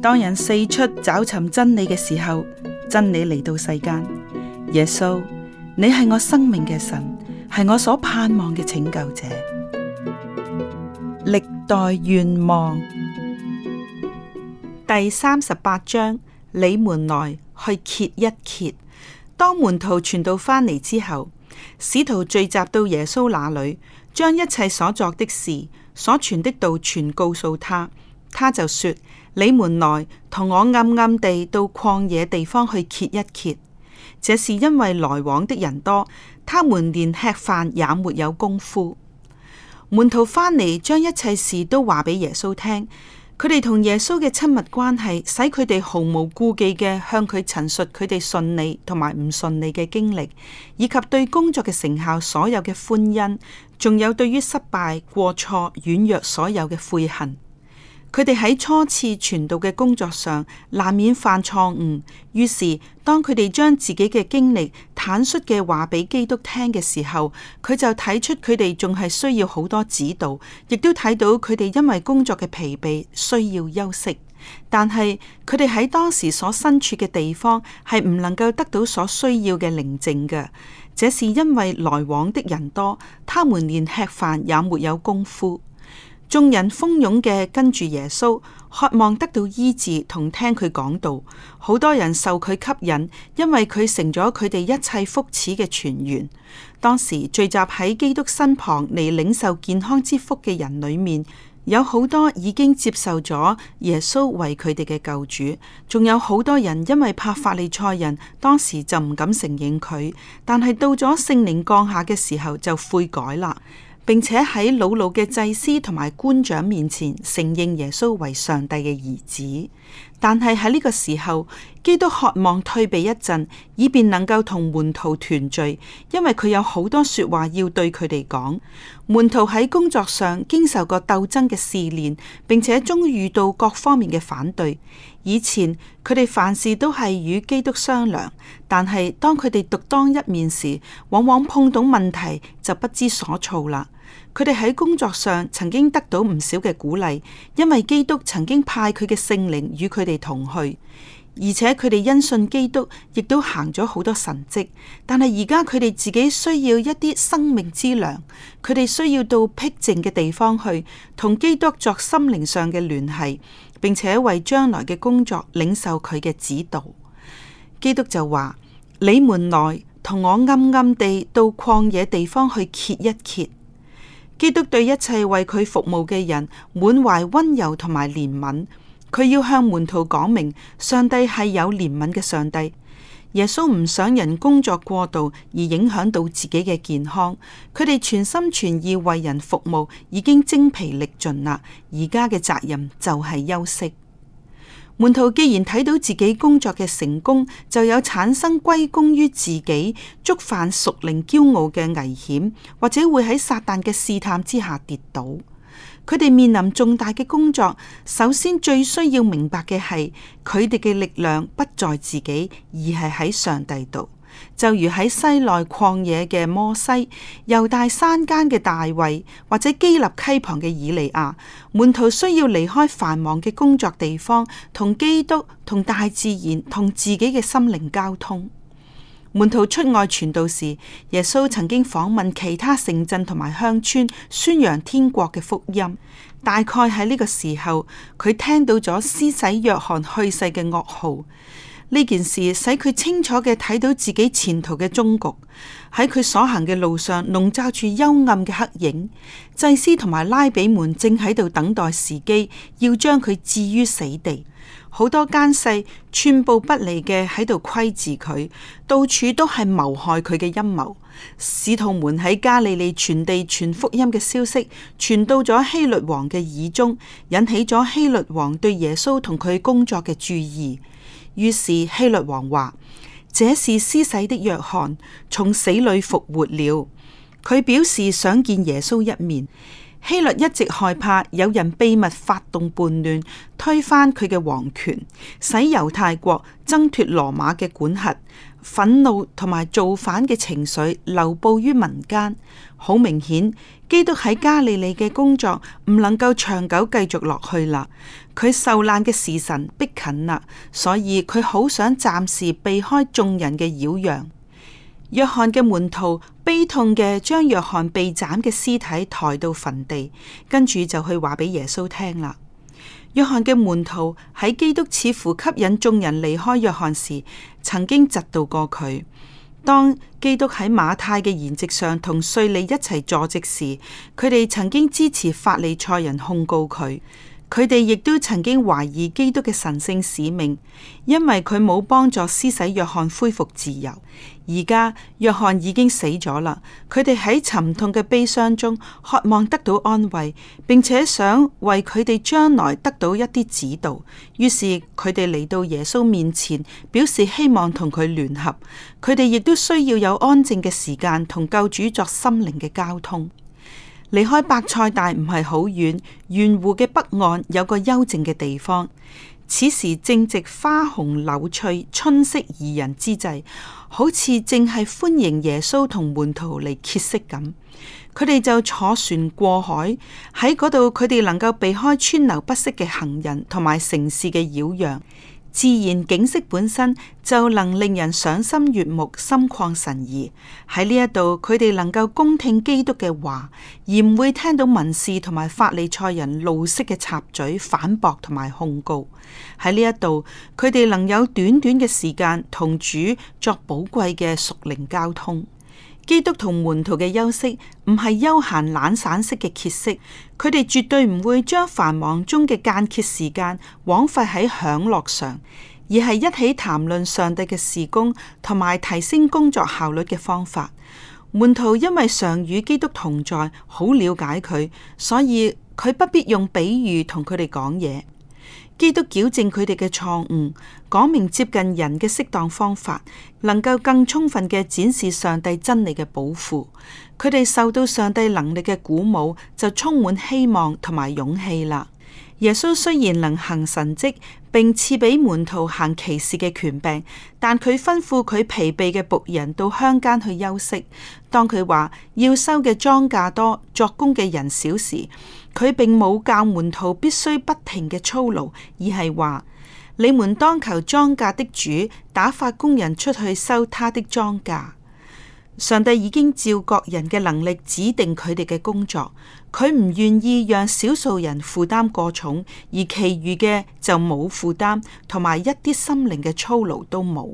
當人四出找尋真理嘅時候，真理嚟，到世間。耶穌，你係我生命嘅神，係我所盼望嘅拯救者。歷代願望第三十八章，你門嚟去揭一揭，當門徒傳道翻嚟之後。使徒聚集到耶穌那裏，將一切所作的事，所傳的道全告訴他。他就說：「你們來同我暗暗地到曠野地方去歇一歇。」這是因為來往的人多，他們連吃飯也沒有功夫。門徒翻嚟，將一切事都話俾耶穌聽。佢哋同耶穌嘅親密關係，使佢哋毫無顧忌嘅向佢陳述佢哋順利同埋唔順利嘅經歷，以及對工作嘅成效所有嘅歡欣，仲有對於失敗、過錯、軟弱所有嘅悔恨。佢哋喺初次傳道嘅工作上，難免犯錯誤。於是，當佢哋將自己嘅經歷坦率嘅話俾基督聽嘅時候，佢就睇出佢哋仲係需要好多指導，亦都睇到佢哋因為工作嘅疲憊需要休息。但係佢哋喺當時所身處嘅地方係唔能夠得到所需要嘅寧靜嘅，這是因為來往的人多，他們連吃飯也沒有功夫。眾人蜂擁嘅跟住耶穌，渴望得到醫治同聽佢講道。好多人受佢吸引，因為佢成咗佢哋一切福祉嘅泉源。當時聚集喺基督身旁嚟領受健康之福嘅人裏面，有好多已經接受咗耶穌為佢哋嘅救主，仲有好多人因為怕法利賽人，當時就唔敢承認佢，但係到咗聖靈降下嘅時候，就悔改啦。並且喺老老嘅祭司同埋官長面前承認耶穌為上帝嘅兒子，但係喺呢個時候，基督渴望退避一陣，以便能夠同門徒團聚，因為佢有好多說話要對佢哋講。門徒喺工作上經受過鬥爭嘅試煉，並且終於遇到各方面嘅反對。以前佢哋凡事都係與基督商量，但係當佢哋獨當一面時，往往碰到問題就不知所措啦。佢哋喺工作上曾經得到唔少嘅鼓勵，因為基督曾經派佢嘅聖靈與佢哋同去，而且佢哋因信基督亦都行咗好多神蹟。但係而家佢哋自己需要一啲生命之糧，佢哋需要到僻靜嘅地方去同基督作心靈上嘅聯繫，並且為將來嘅工作領受佢嘅指導。基督就話：你們來同我暗暗地到曠野地方去歇一歇。」基督對一切為佢服務嘅人滿懷溫柔同埋憐憫，佢要向門徒講明，上帝係有憐憫嘅上帝。耶穌唔想人工作過度而影響到自己嘅健康，佢哋全心全意為人服務，已經精疲力盡啦，而家嘅責任就係休息。門徒既然睇到自己工作嘅成功，就有產生歸功於自己、觸犯屬靈驕傲嘅危險，或者會喺撒旦嘅試探之下跌倒。佢哋面臨重大嘅工作，首先最需要明白嘅係，佢哋嘅力量不在自己，而係喺上帝度。就如喺西奈曠野嘅摩西，猶大山間嘅大衛，或者基立溪旁嘅以利亞，門徒需要離開繁忙嘅工作地方，同基督、同大自然、同自己嘅心靈交通。門徒出外傳道時，耶穌曾經訪問其他城鎮同埋鄉村，宣揚天國嘅福音。大概喺呢個時候，佢聽到咗施洗約翰去世嘅噩耗。呢件事使佢清楚嘅睇到自己前途嘅終局，喺佢所行嘅路上籠罩住幽暗嘅黑影，祭司同埋拉比們正喺度等待時機，要將佢置於死地。好多奸細寸步不離嘅喺度窺視佢，到處都係謀害佢嘅陰謀。使徒們喺加利利傳遞傳福音嘅消息傳到咗希律王嘅耳中，引起咗希律王對耶穌同佢工作嘅注意。於是希律王話：這是施洗的約翰從死裏復活了。佢表示想見耶穌一面。希律一直害怕有人秘密發動叛亂，推翻佢嘅皇權，使猶太國爭脱羅馬嘅管轄。憤怒同埋造反嘅情緒流布於民間，好明顯。基督喺加利利嘅工作唔能夠長久繼續落去啦，佢受難嘅時辰逼近啦，所以佢好想暫時避開眾人嘅擾攘。約翰嘅門徒悲痛嘅將約翰被斬嘅屍體抬到墳地，跟住就去話俾耶穌聽啦。約翰嘅門徒喺基督似乎吸引眾人離開約翰時，曾經嫉妒過佢。當基督喺馬太嘅筵席上同稅吏一齊坐席時，佢哋曾經支持法利賽人控告佢。佢哋亦都曾經懷疑基督嘅神聖使命，因為佢冇幫助施洗約翰恢復自由。而家約翰已經死咗啦，佢哋喺沉痛嘅悲傷中，渴望得到安慰，並且想為佢哋將來得到一啲指導。於是佢哋嚟到耶穌面前，表示希望同佢聯合。佢哋亦都需要有安靜嘅時間，同救主作心靈嘅交通。離開白菜大唔係好遠，沿湖嘅北岸有個幽靜嘅地方。此時正值花紅柳翠、春色宜人之際，好似正係歡迎耶穌同門徒嚟歇息咁。佢哋就坐船過海喺嗰度，佢哋能夠避開川流不息嘅行人同埋城市嘅擾攘。自然景色本身就能令人賞心悅目、心曠神怡。喺呢一度，佢哋能夠恭聽基督嘅話，而唔會聽到文士同埋法利賽人怒色嘅插嘴、反駁同埋控告。喺呢一度，佢哋能有短短嘅時間同主作寶貴嘅屬靈交通。基督同門徒嘅休息唔係悠閒懶散式嘅歇息，佢哋絕對唔會將繁忙中嘅間歇時間枉費喺享樂上，而係一起談論上帝嘅事工同埋提升工作效率嘅方法。門徒因為常與基督同在，好了解佢，所以佢不必用比喻同佢哋講嘢。基督矯正佢哋嘅錯誤，講明接近人嘅適當方法，能夠更充分嘅展示上帝真理嘅寶庫。佢哋受到上帝能力嘅鼓舞，就充滿希望同埋勇氣啦。耶穌雖然能行神蹟，並賜俾門徒行奇事嘅權柄，但佢吩咐佢疲憊嘅僕人到鄉間去休息。當佢話要收嘅莊稼多，作工嘅人少時。佢並冇教門徒必須不停嘅操勞，而係話：你們當求莊稼的主，打發工人出去收他的莊稼。上帝已經照各人嘅能力指定佢哋嘅工作。佢唔願意讓少數人負擔過重，而其餘嘅就冇負擔，同埋一啲心靈嘅操勞都冇。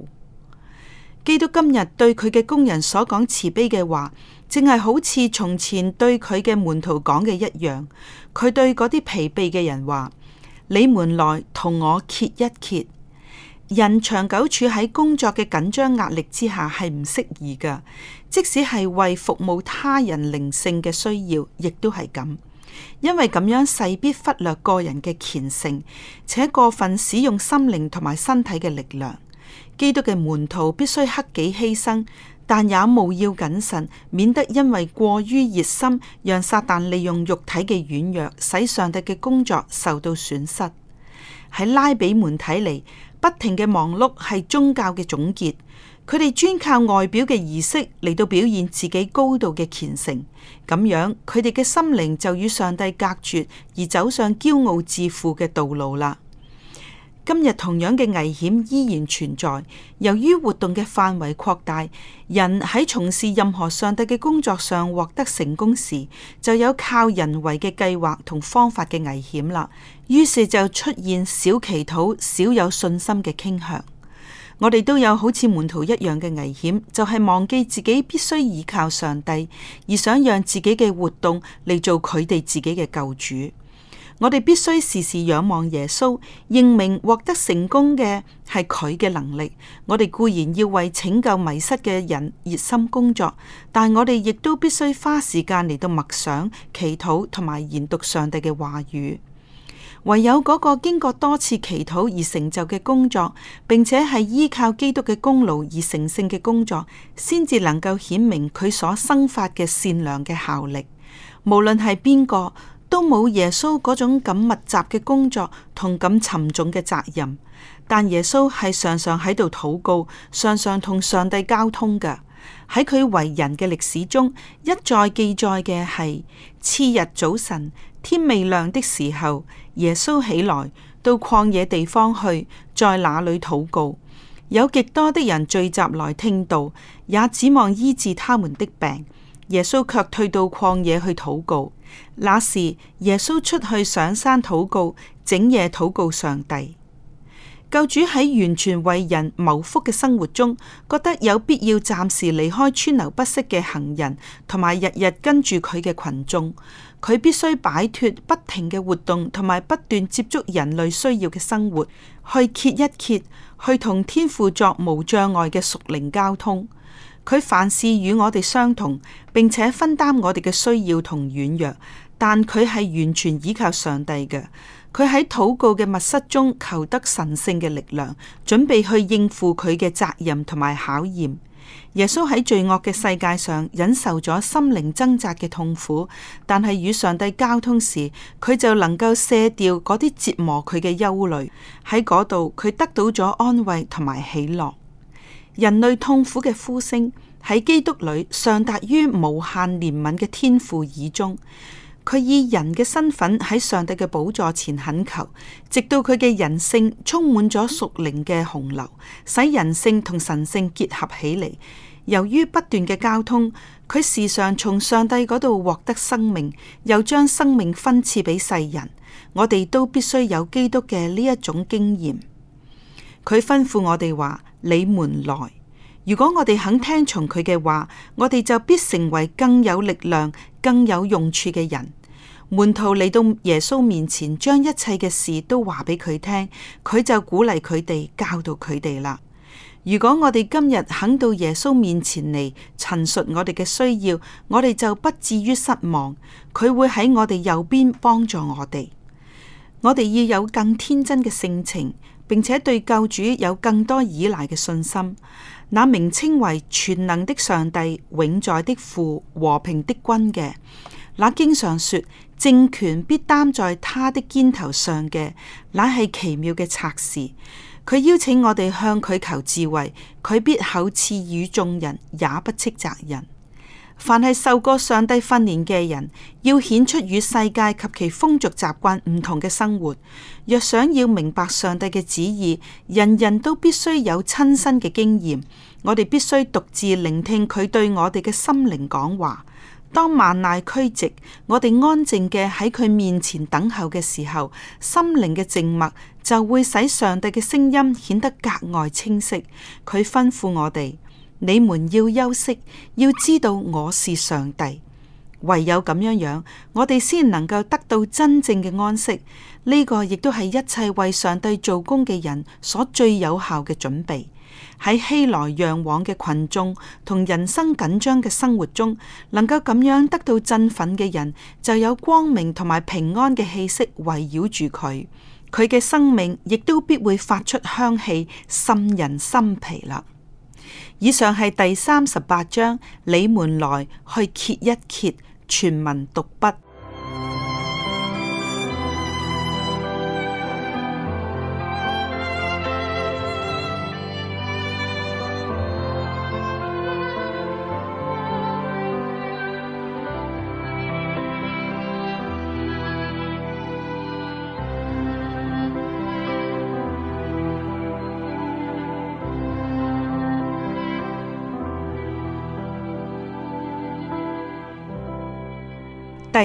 基督今日對佢嘅工人所講慈悲嘅話。正係好似從前對佢嘅門徒講嘅一樣，佢對嗰啲疲憊嘅人話：「你們來同我歇一歇。」人長久處喺工作嘅緊張壓力之下係唔適宜噶，即使係為服務他人靈性嘅需要，亦都係咁，因為咁樣勢必忽略個人嘅虔誠，且過分使用心靈同埋身體嘅力量。基督嘅門徒必須克己犧牲。但也務要謹慎，免得因為過於熱心，讓撒旦利用肉體嘅軟弱，使上帝嘅工作受到損失。喺拉比們睇嚟，不停嘅忙碌係宗教嘅總結。佢哋專靠外表嘅儀式嚟到表現自己高度嘅虔誠，咁樣佢哋嘅心靈就與上帝隔絕，而走上驕傲自負嘅道路啦。今日同樣嘅危險依然存在，由於活動嘅範圍擴大，人喺從事任何上帝嘅工作上獲得成功時，就有靠人為嘅計劃同方法嘅危險啦。於是就出現少祈禱、少有信心嘅傾向。我哋都有好似門徒一樣嘅危險，就係忘記自己必須依靠上帝，而想讓自己嘅活動嚟做佢哋自己嘅救主。我哋必須時時仰望耶穌，認明獲得成功嘅係佢嘅能力。我哋固然要為拯救迷失嘅人熱心工作，但我哋亦都必須花時間嚟到默想、祈禱同埋研讀上帝嘅話語。唯有嗰個經過多次祈禱而成就嘅工作，並且係依靠基督嘅功勞而成聖嘅工作，先至能夠顯明佢所生發嘅善良嘅效力。無論係邊個。都冇耶穌嗰種咁密集嘅工作同咁沉重嘅責任，但耶穌係常常喺度禱告，常常同上帝交通嘅。喺佢為人嘅歷史中，一再記載嘅係，次日早晨天未亮的時候，耶穌起來到曠野地方去，在那裏禱告。有極多的人聚集來聽道，也指望醫治他們的病，耶穌却退到曠野去禱告。那時耶穌出去上山禱告，整夜禱告上帝。救主喺完全為人謀福嘅生活中，覺得有必要暫時離開川流不息嘅行人同埋日日跟住佢嘅群眾，佢必須擺脫不停嘅活動同埋不斷接觸人類需要嘅生活，去歇一歇，去同天父作無障礙嘅屬靈交通。佢凡事與我哋相同，並且分擔我哋嘅需要同軟弱，但佢係完全依靠上帝嘅。佢喺禱告嘅密室中求得神聖嘅力量，準備去應付佢嘅責任同埋考驗。耶穌喺罪惡嘅世界上忍受咗心靈掙扎嘅痛苦，但係與上帝交通時，佢就能夠卸掉嗰啲折磨佢嘅憂慮。喺嗰度，佢得到咗安慰同埋喜樂。人類痛苦嘅呼聲喺基督裏上達於無限憐憫嘅天父耳中。佢以人嘅身份喺上帝嘅寶座前懇求，直到佢嘅人性充滿咗屬靈嘅洪流，使人性同神性結合起嚟。由於不斷嘅交通，佢時常從上帝嗰度獲得生命，又將生命分賜俾世人。我哋都必須有基督嘅呢一種經驗。佢吩咐我哋話。你們來，如果我哋肯聽從佢嘅話，我哋就必成為更有力量、更有用處嘅人。門徒嚟到耶穌面前，將一切嘅事都話俾佢聽，佢就鼓勵佢哋，教導佢哋啦。如果我哋今日肯到耶穌面前嚟陳述我哋嘅需要，我哋就不至於失望。佢會喺我哋右邊幫助我哋。我哋要有更天真嘅性情。並且對救主有更多依賴嘅信心，那名稱為全能的上帝、永在的父、和平的君嘅，那經常說政權必擔在他的肩頭上嘅，乃係奇妙嘅策士。佢邀請我哋向佢求智慧，佢必厚賜與眾人，也不斥責人。凡係受過上帝訓練嘅人，要顯出與世界及其風俗習慣唔同嘅生活。若想要明白上帝嘅旨意，人人都必須有親身嘅經驗。我哋必須獨自聆聽佢對我哋嘅心靈講話。當萬籟俱寂，我哋安靜嘅喺佢面前等候嘅時候，心靈嘅靜默就會使上帝嘅聲音顯得格外清晰。佢吩咐我哋。你們要休息，要知道我是上帝，唯有咁樣樣，我哋先能夠得到真正嘅安息。呢個亦都係一切為上帝做工嘅人所最有效嘅準備。喺熙來攘往嘅群眾同人生緊張嘅生活中，能夠咁樣得到振奮嘅人，就有光明同埋平安嘅氣息圍繞住佢，佢嘅生命亦都必會發出香氣，沁人心脾啦。以上係第三十八章，你們來去揭一揭全文讀畢。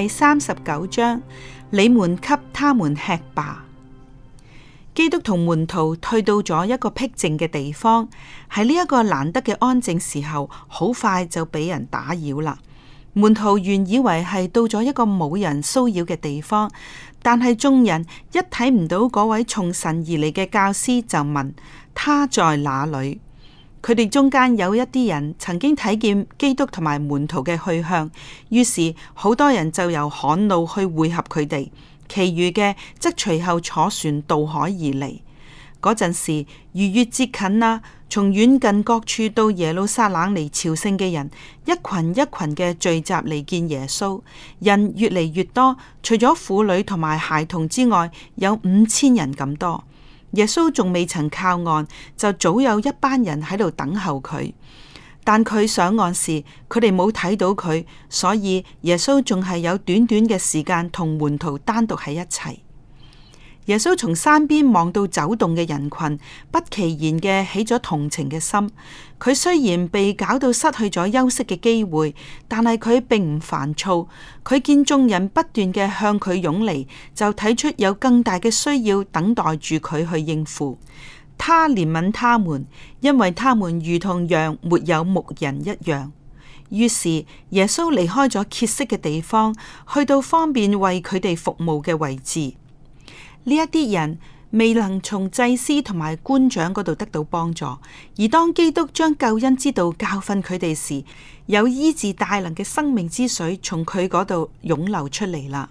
第三十九章，你們給他們吃吧。基督同門徒退到咗一個僻靜嘅地方，喺呢一個難得嘅安靜時候，好快就俾人打擾啦。門徒原以為係到咗一個冇人騷擾嘅地方，但係眾人一睇唔到嗰位從神而嚟嘅教師，就問：「他在哪裏？」佢哋中間有一啲人曾經睇見基督同埋門徒嘅去向，於是好多人就由旱路去匯合佢哋，其餘嘅則隨後坐船渡海而嚟。嗰陣時，逾越接近啦，啊，從遠近各處到耶路撒冷嚟朝聖嘅人，一群一群嘅聚集嚟見耶穌，人越嚟越多，除咗婦女同埋孩童之外，有五千人咁多。耶穌仲未曾靠岸，就早有一班人喺度等候佢。但佢上岸時，佢哋冇睇到佢，所以耶穌仲係有短短嘅時間同門徒單獨喺一齊。耶穌從山邊望到走動嘅人群，不其然嘅起咗同情嘅心。佢雖然被搞到失去咗休息嘅機會，但係佢並唔煩躁。佢見眾人不斷嘅向佢湧嚟，就睇出有更大嘅需要等待住佢去應付。他憐憫他們，因為他們如同羊，沒有牧人一樣。於是耶穌離開咗歇息嘅地方，去到方便為佢哋服務嘅位置。呢一啲人未能從祭司同埋官長嗰度得到幫助，而當基督將救恩之道教訓佢哋時，有醫治大能嘅生命之水從佢嗰度湧流出嚟啦。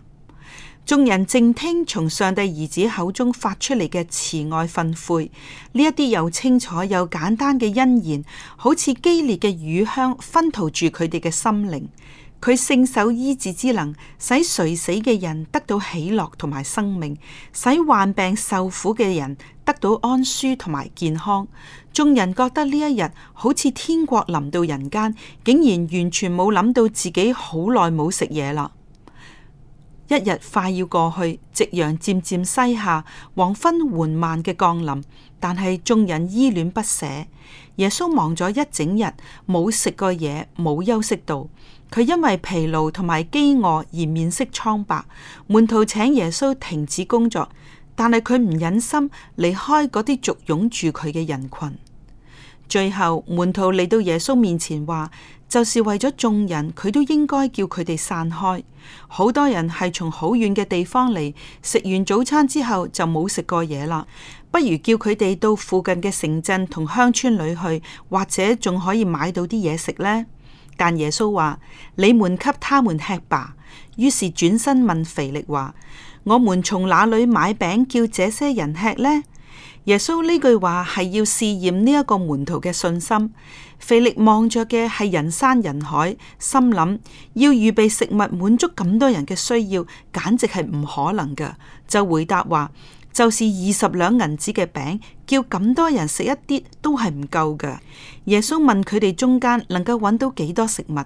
眾人靜聽從上帝兒子口中發出嚟嘅慈愛訓誨，呢一啲又清楚又簡單嘅恩言，好似激烈嘅乳香熏陶住佢哋嘅心靈。佢聖手醫治之能，使垂死嘅人得到喜樂同埋生命，使患病受苦嘅人得到安舒同埋健康。眾人覺得呢一日好似天國臨到人間，竟然完全冇諗到自己好耐冇食嘢啦。一日快要過去，夕陽漸漸西下，黃昏緩慢嘅降臨，但係眾人依戀不捨。耶穌忙咗一整日，冇食過嘢，冇休息到。佢因為疲勞同埋飢餓而面色蒼白，門徒請耶穌停止工作，但係佢唔忍心離開嗰啲簇擁住佢嘅人群。最後，門徒嚟到耶穌面前話，就是為咗眾人，佢都應該叫佢哋散開。好多人係從好遠嘅地方嚟，食完早餐之後就冇食過嘢啦，不如叫佢哋到附近嘅城鎮同鄉村裏去，或者仲可以買到啲嘢食呢？但耶穌話：你們給他們吃吧。於是轉身問腓力話：我們從哪裏買餅叫這些人吃呢？耶穌呢句話係要試驗呢一個門徒嘅信心。腓力望着嘅係人山人海，心諗要預備食物滿足咁多人嘅需要，簡直係唔可能噶。就回答話。就是二十兩銀子嘅餅，叫咁多人食一啲都係唔夠嘅。耶穌問佢哋中間能夠揾到幾多食物，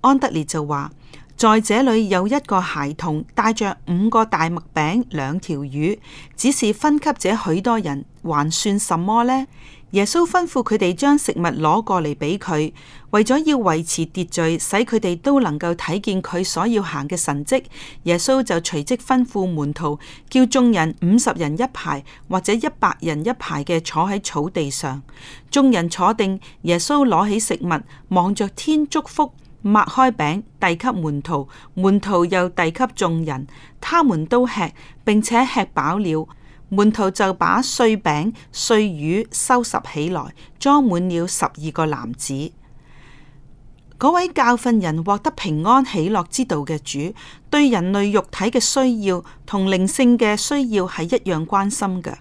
安德烈就話：在這裏有一個孩童帶着五個大麥餅、兩條魚，只是分給這許多人，還算什麼呢？耶穌吩咐佢哋將食物攞過嚟俾佢，為咗要維持秩序，使佢哋都能夠睇見佢所要行嘅神蹟，耶穌就隨即吩咐門徒叫眾人五十人一排或者一百人一排嘅坐喺草地上。眾人坐定，耶穌攞起食物，望着天祝福，擘開餅，遞給門徒，門徒又遞給眾人，他們都吃，並且吃飽了。門徒就把碎餅、碎魚收拾起來，裝滿了十二個籃子。嗰位教訓人獲得平安喜樂之道嘅主，對人類肉體嘅需要同靈性嘅需要係一樣關心嘅。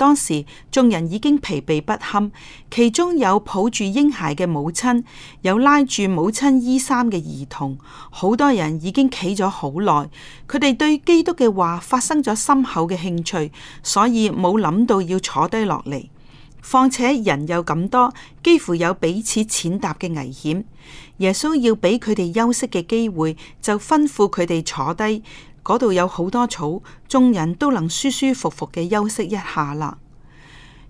當時眾人已經疲憊不堪，其中有抱住嬰孩嘅母親，有拉住母親衣衫嘅兒童，好多人已經企咗好耐。佢哋對基督嘅話發生咗深厚嘅興趣，所以冇諗到要坐低落嚟。況且人又咁多，幾乎有彼此踐踏嘅危險。耶穌要俾佢哋休息嘅機會，就吩咐佢哋坐低。嗰度有好多草，眾人都能舒舒服服嘅休息一下啦。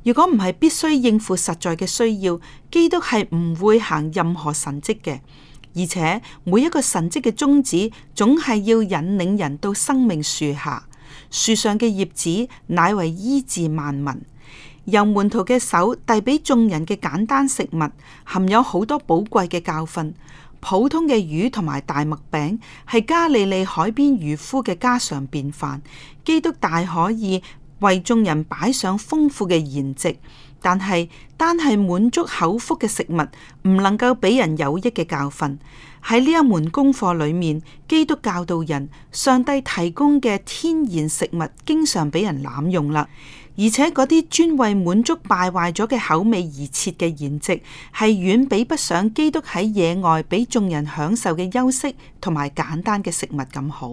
如果唔係必須應付實在嘅需要，基督係唔會行任何神跡嘅。而且每一個神跡嘅宗旨，總係要引領人到生命樹下，樹上嘅葉子乃為醫治萬民。由門徒嘅手遞俾眾人嘅簡單食物，含有好多寶貴嘅教訓。普通嘅魚同埋大麥餅係加利利海邊漁夫嘅家常便飯。基督大可以為眾人擺上豐富嘅筵席，但係單係滿足口腹嘅食物唔能夠俾人有益嘅教訓。喺呢一門功課裏面，基督教導人，上帝提供嘅天然食物經常俾人濫用啦。而且嗰啲專為滿足敗壞咗嘅口味而設嘅筵席，係遠比不上基督喺野外俾眾人享受嘅休息同埋簡單嘅食物咁好。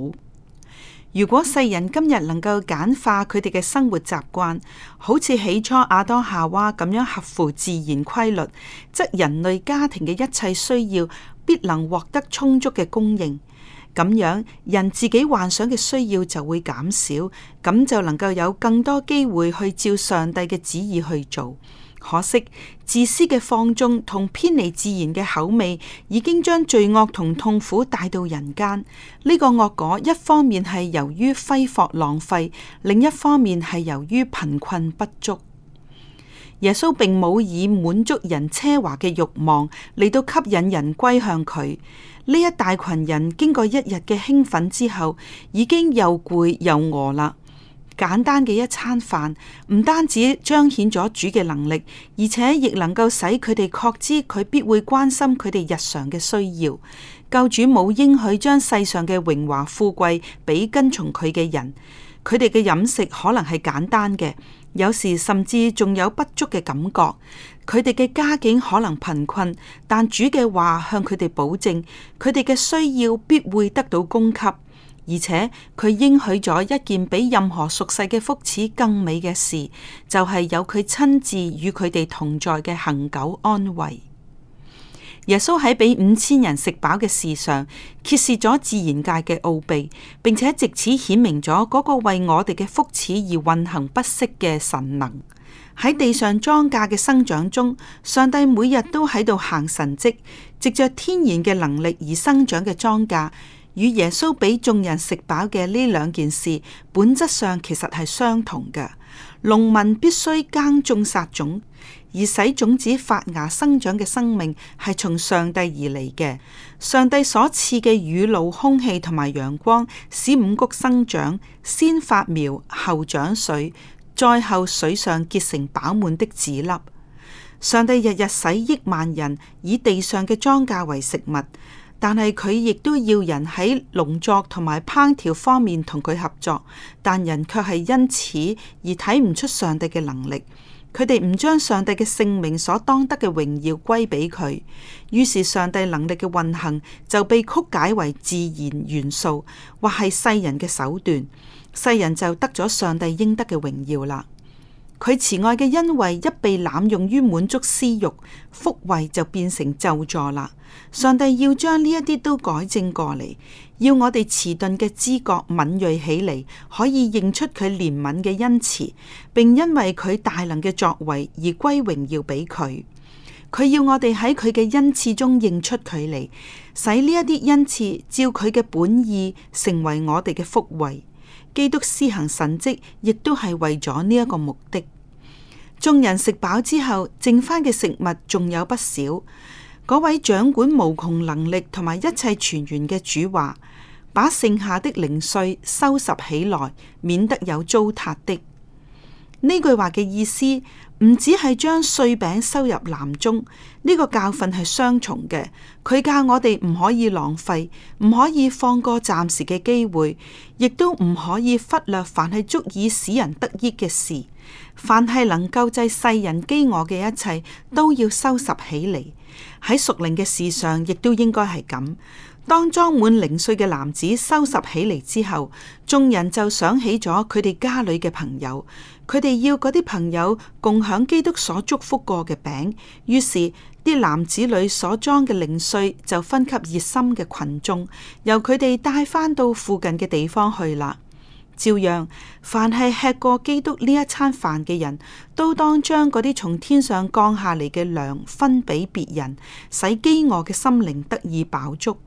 如果世人今日能夠簡化佢哋嘅生活習慣，好似起初亞當夏娃咁樣合乎自然規律，則人類家庭嘅一切需要必能獲得充足嘅供應。咁樣，人自己幻想嘅需要就會減少，咁就能夠有更多機會去照上帝嘅旨意去做。可惜，自私嘅放縱同偏離自然嘅口味，已經將罪惡同痛苦帶到人間。呢個惡果一方面係由於揮霍浪費，另一方面係由於貧困不足。耶穌並冇以滿足人奢華嘅慾望嚟到吸引人歸向佢。呢一大群人經過一日嘅興奮之後，已經又攰又餓啦。簡單嘅一餐飯，唔單止彰顯咗主嘅能力，而且亦能夠使佢哋確知佢必會關心佢哋日常嘅需要。救主冇應許將世上嘅榮華富貴俾跟從佢嘅人，佢哋嘅飲食可能係簡單嘅。有時甚至仲有不足嘅感覺，佢哋嘅家境可能貧困，但主嘅話向佢哋保證，佢哋嘅需要必會得到供給，而且佢應許咗一件比任何俗世嘅福祉更美嘅事，就係、是、有佢親自與佢哋同在嘅恆久安慰。耶穌喺俾五千人食飽嘅事上，揭示咗自然界嘅奧秘，並且藉此顯明咗嗰個為我哋嘅福祉而運行不息嘅神能。喺地上莊稼嘅生長中，上帝每日都喺度行神迹，藉着天然嘅能力而生長嘅莊稼，與耶穌俾眾人食飽嘅呢兩件事，本質上其實係相同嘅。農民必須耕種撒種。而使種子發芽生長嘅生命係從上帝而嚟嘅。上帝所賜嘅雨露、空氣同埋陽光，使五穀生長，先發苗，後長穗，再後穗上結成飽滿的子粒。上帝日日使億萬人以地上嘅莊稼為食物，但係佢亦都要人喺農作同埋烹調方面同佢合作。但人卻係因此而睇唔出上帝嘅能力。佢哋唔將上帝嘅聖名所當得嘅榮耀歸俾佢，於是上帝能力嘅運行就被曲解為自然元素，或係世人嘅手段，世人就得咗上帝應得嘅榮耀啦。佢慈愛嘅恩惠一被濫用於滿足私欲，福惠就變成咒詛啦。上帝要將呢一啲都改正過嚟，要我哋遲鈍嘅知覺敏銳起嚟，可以認出佢憐憫嘅恩慈，並因為佢大能嘅作為而歸榮耀俾佢。佢要我哋喺佢嘅恩賜中認出佢嚟，使呢一啲恩賜照佢嘅本意成為我哋嘅福惠。基督施行神蹟，亦都係為咗呢一個目的。眾人食飽之後，剩翻嘅食物仲有不少。嗰位掌管無窮能力同埋一切全員嘅主話：把剩下的零碎收拾起來，免得有糟蹋的。呢句話嘅意思唔止係將碎餅收入籃中。呢個教訓係雙重嘅。佢教我哋唔可以浪費，唔可以放過暫時嘅機會，亦都唔可以忽略凡係足以使人得益嘅事，凡係能救濟世人飢餓嘅一切，都要收拾起嚟。喺屬靈嘅事上，亦都應該係咁。當裝滿零碎嘅男子收拾起嚟之後，眾人就想起咗佢哋家裏嘅朋友，佢哋要嗰啲朋友共享基督所祝福過嘅餅。於是啲男子女所裝嘅零碎就分給熱心嘅群眾，由佢哋帶翻到附近嘅地方去啦。照樣，凡係吃過基督呢一餐飯嘅人，都當將嗰啲從天上降下嚟嘅糧分俾別人，使飢餓嘅心靈得以飽足。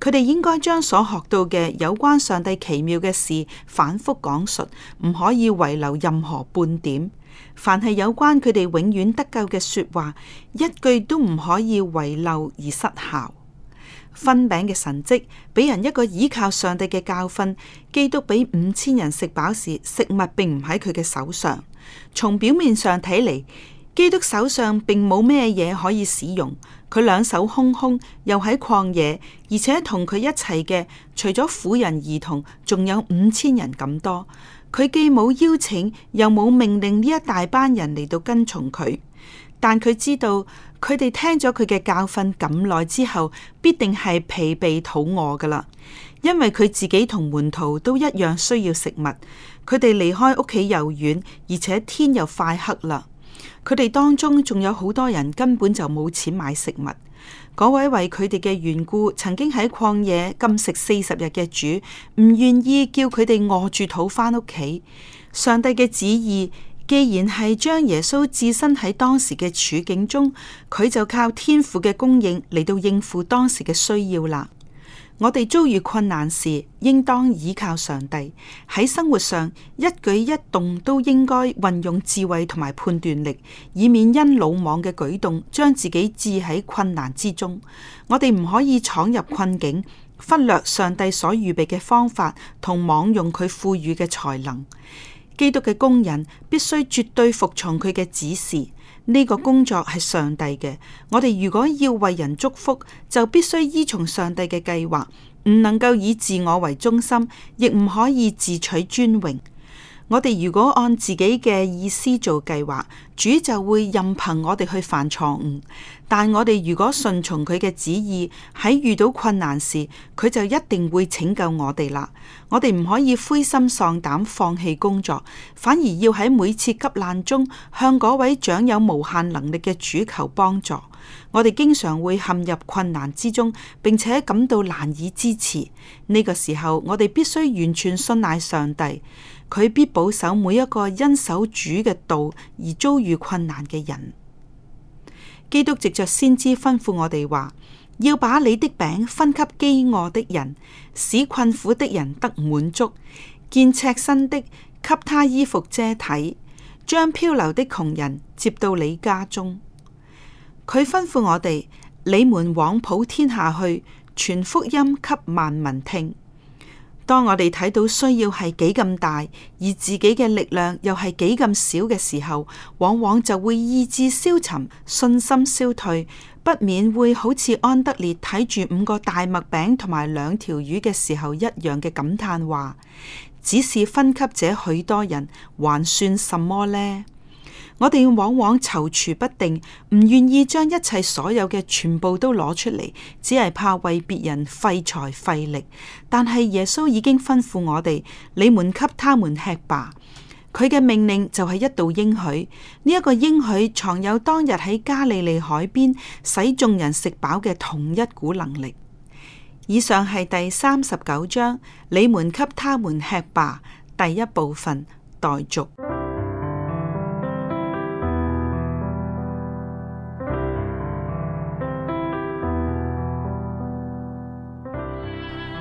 佢哋應該將所學到嘅有關上帝奇妙嘅事，反覆講述，唔可以遺留任何半點。凡係有關佢哋永遠得救嘅説話，一句都唔可以遺漏而失效。分餅嘅神蹟，俾人一個依靠上帝嘅教訓。基督俾五千人食飽時，食物並唔喺佢嘅手上。從表面上睇嚟，基督手上並冇咩嘢可以使用，佢兩手空空，又喺曠野，而且同佢一齊嘅，除咗婦人兒童，仲有五千人咁多。佢既冇邀請，又冇命令呢一大班人嚟到跟從佢，但佢知道。佢哋聽咗佢嘅教訓咁耐之後，必定係疲憊肚餓噶啦因為佢自己同門徒都一樣需要食物。佢哋離開屋企又遠，而且天又快黑啦。佢哋當中仲有好多人根本就冇錢買食物。嗰位為佢哋嘅緣故，曾經喺曠野禁食四十日嘅主，唔願意叫佢哋餓住肚返屋企。上帝嘅旨意。既然係將耶穌置身喺當時嘅處境中，佢就靠天父嘅供應嚟到應付當時嘅需要啦。我哋遭遇困難時，應當倚靠上帝。喺生活上，一舉一動都應該運用智慧同埋判斷力，以免因魯莽嘅舉動將自己置喺困難之中。我哋唔可以闖入困境，忽略上帝所預備嘅方法，同妄用佢賦予嘅才能。基督嘅工人必須絕對服從佢嘅指示，呢個工作係上帝嘅。我哋如果要為人祝福，就必須依從上帝嘅計劃，唔能夠以自我為中心，亦唔可以自取尊榮。我哋如果按自己嘅意思做計劃，主就會任憑我哋去犯錯誤。但我哋如果順從佢嘅旨意，喺遇到困難時，佢就一定會拯救我哋啦。我哋唔可以灰心喪膽，放棄工作，反而要喺每次急難中向嗰位掌有無限能力嘅主求幫助。我哋經常會陷入困難之中，並且感到難以支持，呢個時候，我哋必須完全信賴上帝。佢必保守每一個因守主嘅道而遭遇困難嘅人。基督藉着先知吩咐我哋話，要把你的餅分給飢餓的人，使困苦的人得滿足；見赤身的，給他衣服遮體；將漂流的窮人接到你家中。佢吩咐我哋：你們往普天下去，傳福音給萬民聽。當我哋睇到需要係幾咁大，而自己嘅力量又係幾咁少嘅時候，往往就會意志消沉、信心消退，不免會好似安德烈睇住五個大麥餅同埋兩條魚嘅時候一樣嘅感嘆話：只是分給這許多人，還算什麼呢？我哋往往躊躇不定，唔願意將一切所有嘅全部都攞出嚟，只係怕為別人費財費力。但係耶穌已經吩咐我哋：你們給他們吃吧。佢嘅命令就係一道應許。呢、這、一個應許藏有當日喺加利利海邊使眾人食飽嘅同一股能力。以上係第三十九章，你們給他們吃吧。第一部分待續。代